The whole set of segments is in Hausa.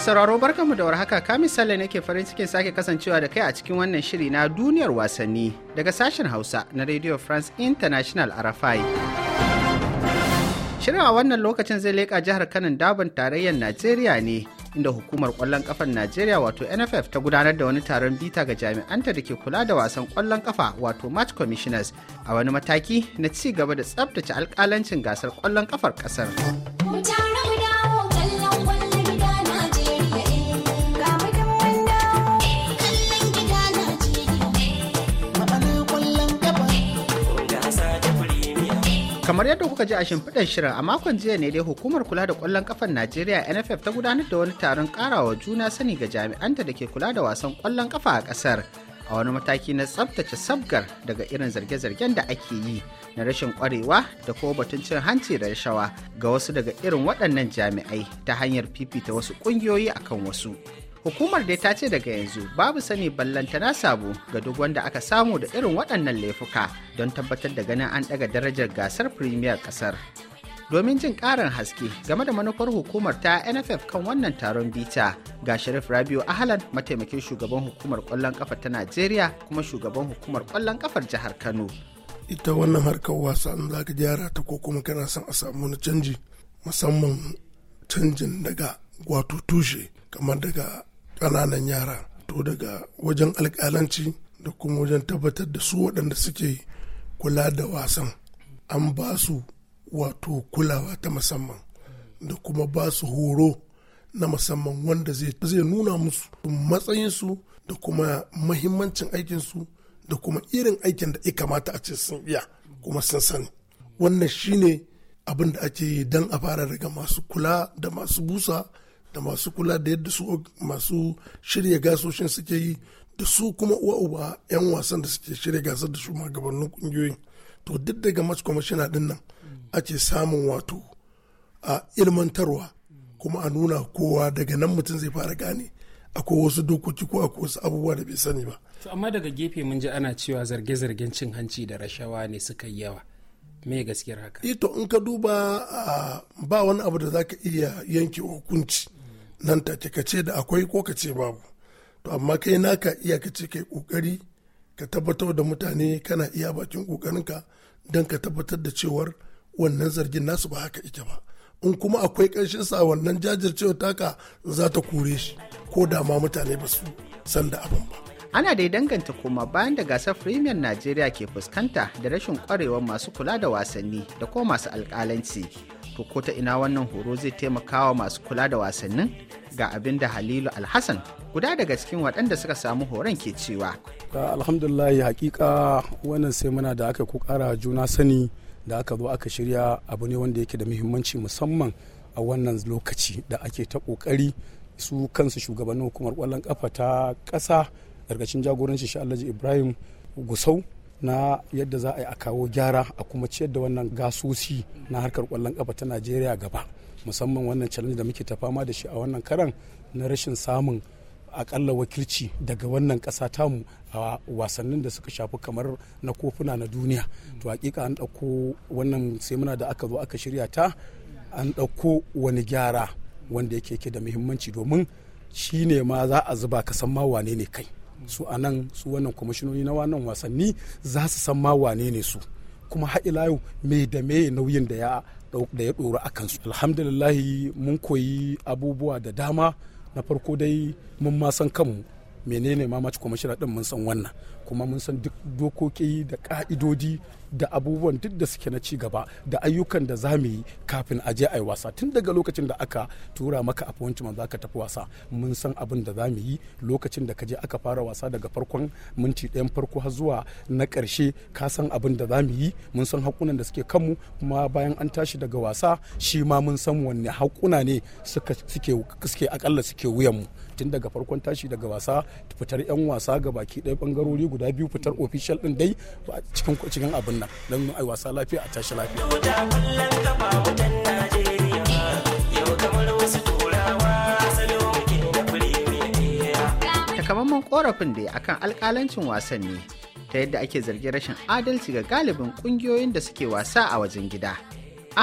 Mai sauraro barkanmu da warhaka ka misali nake farin cikin sake kasancewa da kai a cikin wannan shiri na duniyar wasanni daga sashen Hausa na Radio France International Arafai. Shirin a wannan lokacin zai leƙa jihar kanan daban tarayyar Najeriya ne inda hukumar kwallon ƙafar Najeriya wato NFF ta gudanar da wani taron bita ga jami'anta da ke kula da wasan kwallon ƙafa wato match commissioners a wani mataki na ci gaba da tsabtace alkalancin gasar kwallon kafar ƙasar. kamar yadda kuka ji a shimfiɗar shirin a makon jiya ne dai hukumar kula da kwallon ƙafar najeriya nff ta gudanar da wani taron ƙarawa juna sani ga jami'anta da ke kula da wasan ƙwallon ƙafa a ƙasar a wani mataki na tsabtace sabgar daga irin zarge-zargen da ake yi na rashin kwarewa da kuma batun cin hanci da rashawa ga wasu daga irin waɗannan jami'ai ta hanyar fifita wasu ƙungiyoyi akan wasu. Hukumar dai ta ce daga yanzu babu sani na sabo ga duk wanda aka samu da irin waɗannan laifuka don tabbatar da ganin an ɗaga darajar gasar Premier ƙasar. Domin jin ƙarin haske game da manufar hukumar ta NFF kan wannan taron bita ga Sharif Rabiu Ahlan mataimakin shugaban hukumar ƙwallon ƙafa ta Najeriya kuma shugaban hukumar ƙwallon ƙafar jihar Kano. Ita wannan harkar wasa an za ka gyara ta ko kuma kana son a samu na canji musamman canjin daga wato tushe kamar daga ƙananan yara to daga wajen alƙalanci da kuma wajen tabbatar da su waɗanda suke kula da wasan an ba su wato kulawa ta musamman da kuma ba su horo na musamman wanda zai nuna musu matsayinsu da kuma mahimmancin aikinsu da kuma irin aikin da ya kamata a ce sun iya kuma sun sani wannan shine abin da ake yi don a fara daga masu kula da masu busa da masu kula da yadda su masu shirya gasoshin suke yi da su kuma uwa uwa 'yan wasan da suke shirya gasar da su gabanin kungiyoyin to duk daga match commissioner din nan ake samun wato a ilmantarwa kuma a nuna kowa daga nan mutum zai fara gane akwai wasu dokoki ko akwai wasu abubuwa da bai sani ba. to amma daga gefe mun ji ana cewa zarge-zargen cin hanci da rashawa ne suka yi yawa me gaskiyar haka. ito eh in ka duba ba wani abu da zaka iya yanke hukunci nan take ka ce da akwai ko ka ce babu to amma kai naka iya ka ce kai kokari ka tabbatar da mutane kana iya bakin kokarinka don ka tabbatar da cewar wannan zargin nasu ba haka ita ba in kuma akwai ƙanshin sa wannan jajircewa taka za ta kore shi ko da ma mutane ba su san da abin ba ana dai danganta kuma bayan da gasar premier najeriya ke fuskanta da rashin kwarewar masu kula da wasanni da ko masu alkalanci to ko ta ina wannan horo zai taimakawa masu kula da wasannin ga abin da halilu alhassan guda daga cikin waɗanda suka samu horon ke cewa ah, alhamdulillah hakika wannan sai muna da aka ƙara juna sani da aka zo aka shirya abu ne wanda yake da muhimmanci musamman a wannan lokaci da ake ta kokari su kansu shugabannin hukumar kwallon ƙafa ta ƙasa ƙarƙashin jagoranci shi alhaji ibrahim gusau na yadda za a yi a kawo gyara a kuma ciyar da wannan gasosi na harkar kwallon kafa ta najeriya gaba musamman wannan challenge da muke ta fama da shi a wannan karan na rashin samun akalla wakilci daga wannan kasa tamu a wasannin da suka shafi kamar na kofuna na duniya to hakika an ɗauko wannan sai muna da aka zo aka shirya ta an ɗauko wani gyara wanda yake da muhimmanci domin shi ne ma za a zuba ka san ma wane ne kai su a nan su wannan kwamishinoni na wannan wasanni za su san ma wane ne su kuma haɗila yau me da me nauyin da ya da ya ɗora a kansu alhamdulillah mun koyi abubuwa da dama na farko dai mun ma san kanmu menene ma mace kwamishina ɗin mun san wannan kuma mun san duk dokoki da ka'idodi da abubuwan duk da suke na ci gaba da ayyukan da za mu yi kafin a je a yi wasa tun daga lokacin da aka tura maka appointment za ka tafi wasa mun san abin da za mu yi lokacin da ka je aka fara wasa daga farkon minti ɗayan farko har zuwa na ƙarshe ka san abin da za mu yi mun san hakunan da suke kanmu kuma bayan an tashi daga wasa shi ma mun san wanne hakuna ne suke suke akalla suke wuyanmu tun daga farkon tashi daga wasa fitar 'yan wasa ga baki ɗaya ɓangarori guda guda biyu fitar official din dai cikin cikin abin nan don ai wasa lafiya a tashi lafiya takamaiman korafin da akan alkalancin wasanni ta yadda ake zargin rashin adalci ga galibin kungiyoyin da suke wasa a wajen gida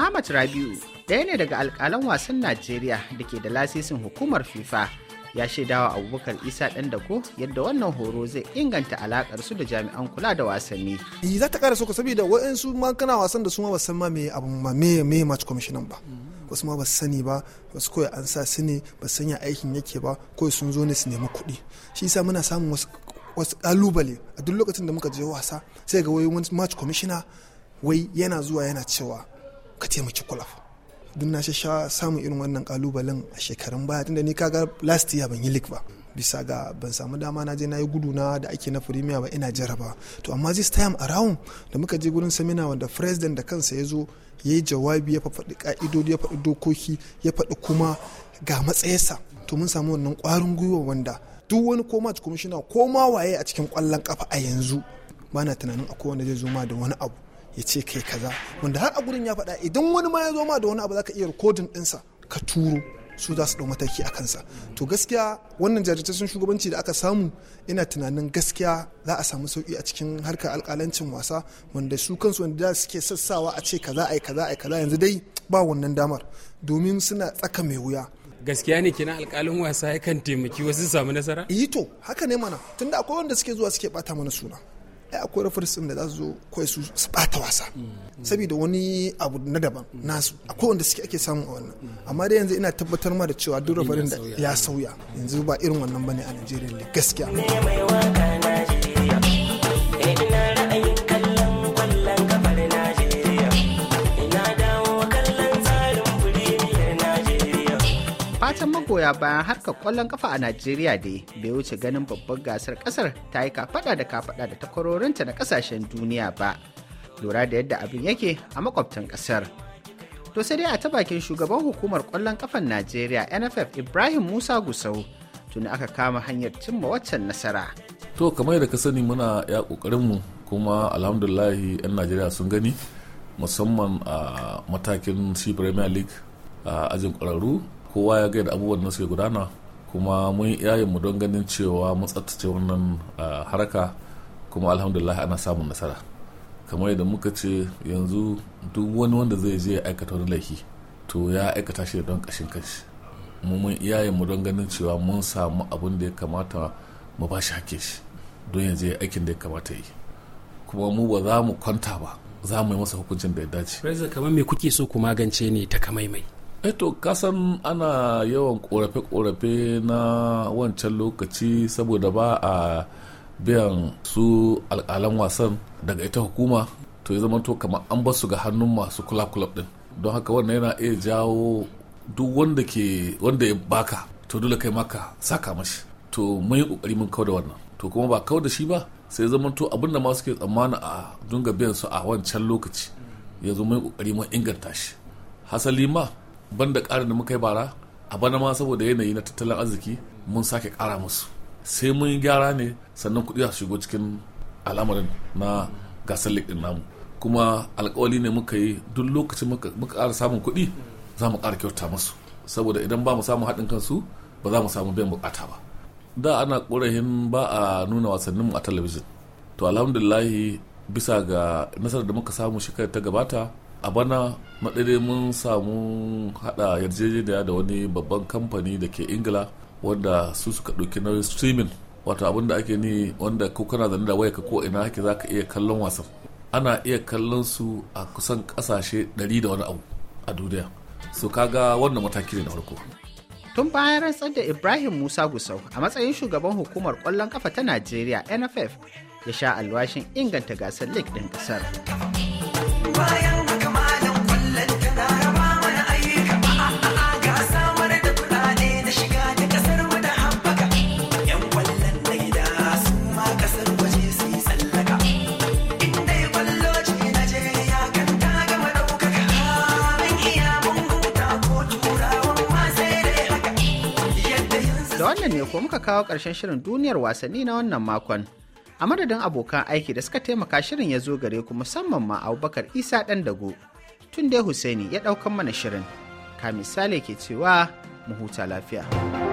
ahmad rabiu ɗaya ne daga alkalan wasan najeriya da ke da lasisin hukumar fifa ya shaidawa abubakar isa ɗan ko yadda wannan horo zai inganta alakar su da jami'an kula da wasanni za ta kara soko saboda waɗansu ma kana wasan da su ma ba ma mai abu ma me me match ba mm-hmm. wasu ma ba sani ba wasu kawai an sa su ne ba san ya aikin yake ba kawai sun zo ne su nemi kuɗi shi yasa muna samun wasu wasu kalubale a duk lokacin da muka je wasa sai ga wai wani match commissioner wai yana zuwa yana cewa ka taimaki kulaf duk na sha samun irin wannan kalubalen a shekarun baya tunda ni kaga last year ban yi lik ba bisa ga ban samu dama na je na yi gudu na da ake na firimiya ba ina jaraba to amma this time around da muka je gurin samina wanda president da kansa ya zo ya yi jawabi ya faɗi ka'idodi ya faɗi dokoki ya faɗi kuma ga matsayarsa to mun samu wannan ƙwarin gwiwa wanda duk wani koma kwamishina koma waye a cikin ƙwallon kafa a yanzu bana tunanin akwai wanda zai zo ma da wani abu ya ce kai kaza wanda har a gurin ya faɗa idan wani ma ya zo ma da wani abu zaka iya rikodin ɗinsa ka turo su za su ɗau mataki a kansa to gaskiya wannan jajirtaccen shugabanci da aka samu ina tunanin gaskiya za a samu sauki a cikin harkar alkalancin wasa wanda su kansu wanda da suke sassawa a ce kaza ai kaza ai kaza yanzu dai ba wannan damar domin suna tsaka mai wuya gaskiya ne kina alkalin wasa yakan taimaki wasu samu nasara eh to haka ne mana tunda akwai wanda suke zuwa suke bata mana suna ai eh, akwai referees da za su zo kawai su su bata wasa saboda wani abu na daban nasu akwai wanda suke ake samu a wannan amma dai yanzu ina tabbatar ma da cewa duk referee da ya sauya yanzu ba irin wannan bane a Najeriya gaskiya ya bayan harkar kwallon kafa a Najeriya da bai wuce ganin babbar gasar kasar ta yi kafada da kafada da takwarorinta na kasashen duniya ba. Lura da yadda abin yake a makwabtan kasar. To sai dai a ta bakin shugaban hukumar kwallon kafan Najeriya NFF Ibrahim Musa Gusau tuni aka kama hanyar cimma waccan nasara. To kamar yadda ka sani muna ya kokarin mu kuma alhamdulillahi 'yan Najeriya sun gani musamman a matakin Super Premier League a ajin kwararru kowa ya gaida abubuwan da suke gudana kuma mun yi mu don ganin cewa mun tsaftace wannan haraka kuma alhamdulillah ana samun nasara kamar yadda muka ce yanzu duk wani wanda zai je ya aikata wani laifi to ya aikata shi don kashin kashi mun yi mu don ganin cewa mun samu abin da ya kamata mu ba shi hake shi don ya je aikin da ya kamata yi kuma mu ba za mu kwanta ba za mu yi masa hukuncin da ya dace. kamar me kuke so ku magance ne ta kamaimai? eto eh kasan ana yawan korafe-korafe na wancan lokaci saboda ba a biyan su alkalan wasan daga ita hukuma to ya zama to kamar an bar su ga hannun masu kula kula din don haka wannan yana iya jawo duk wanda ke wanda ya baka to dole kai maka saka mashi to mun yi kokari mun kau da wannan to kuma ba kau da shi ba sai zama to abin da masu ke tsammana a dunga biyan su a wancan lokaci yanzu mun yi kokari mun inganta shi hasali ma banda karin da muka yi bara a bana ma saboda yanayi na tattalin arziki mun sake kara musu sai mun gyara ne sannan kuɗi a shigo cikin al'amarin na gasar likin namu kuma alkawali ne muka yi duk lokacin muka ƙara samun kuɗi za mu ƙara kyauta musu saboda idan ba mu samu haɗin kansu ba za mu samu biyan bukata ba da ana ƙorahin ba a nuna wasanninmu a talabijin to alhamdulillahi bisa ga nasarar da muka samu shekarar ta gabata a bana madade mun samu hada yarjejeniya da wani babban kamfani da ke ingila wanda su suka ɗauki na streaming wato abin da ake ni wanda ko kana zane da waya ka ko ina hake za iya kallon wasan ana iya kallon su a kusan kasashe 100 da wani abu a duniya so kaga wannan mataki ne na farko tun bayan rantsar da ibrahim musa gusau a matsayin shugaban hukumar kwallon kafa ta najeriya nff ya sha alwashin inganta gasar lake din kasar ko muka kawo ƙarshen shirin duniyar wasanni na wannan makon. A madadin abokan aiki da suka taimaka shirin ya zo gare ku musamman ma Abubakar Isa ɗan dago. Tun dai Husaini ya ɗaukan mana shirin. Ka misali ke cewa mu huta lafiya.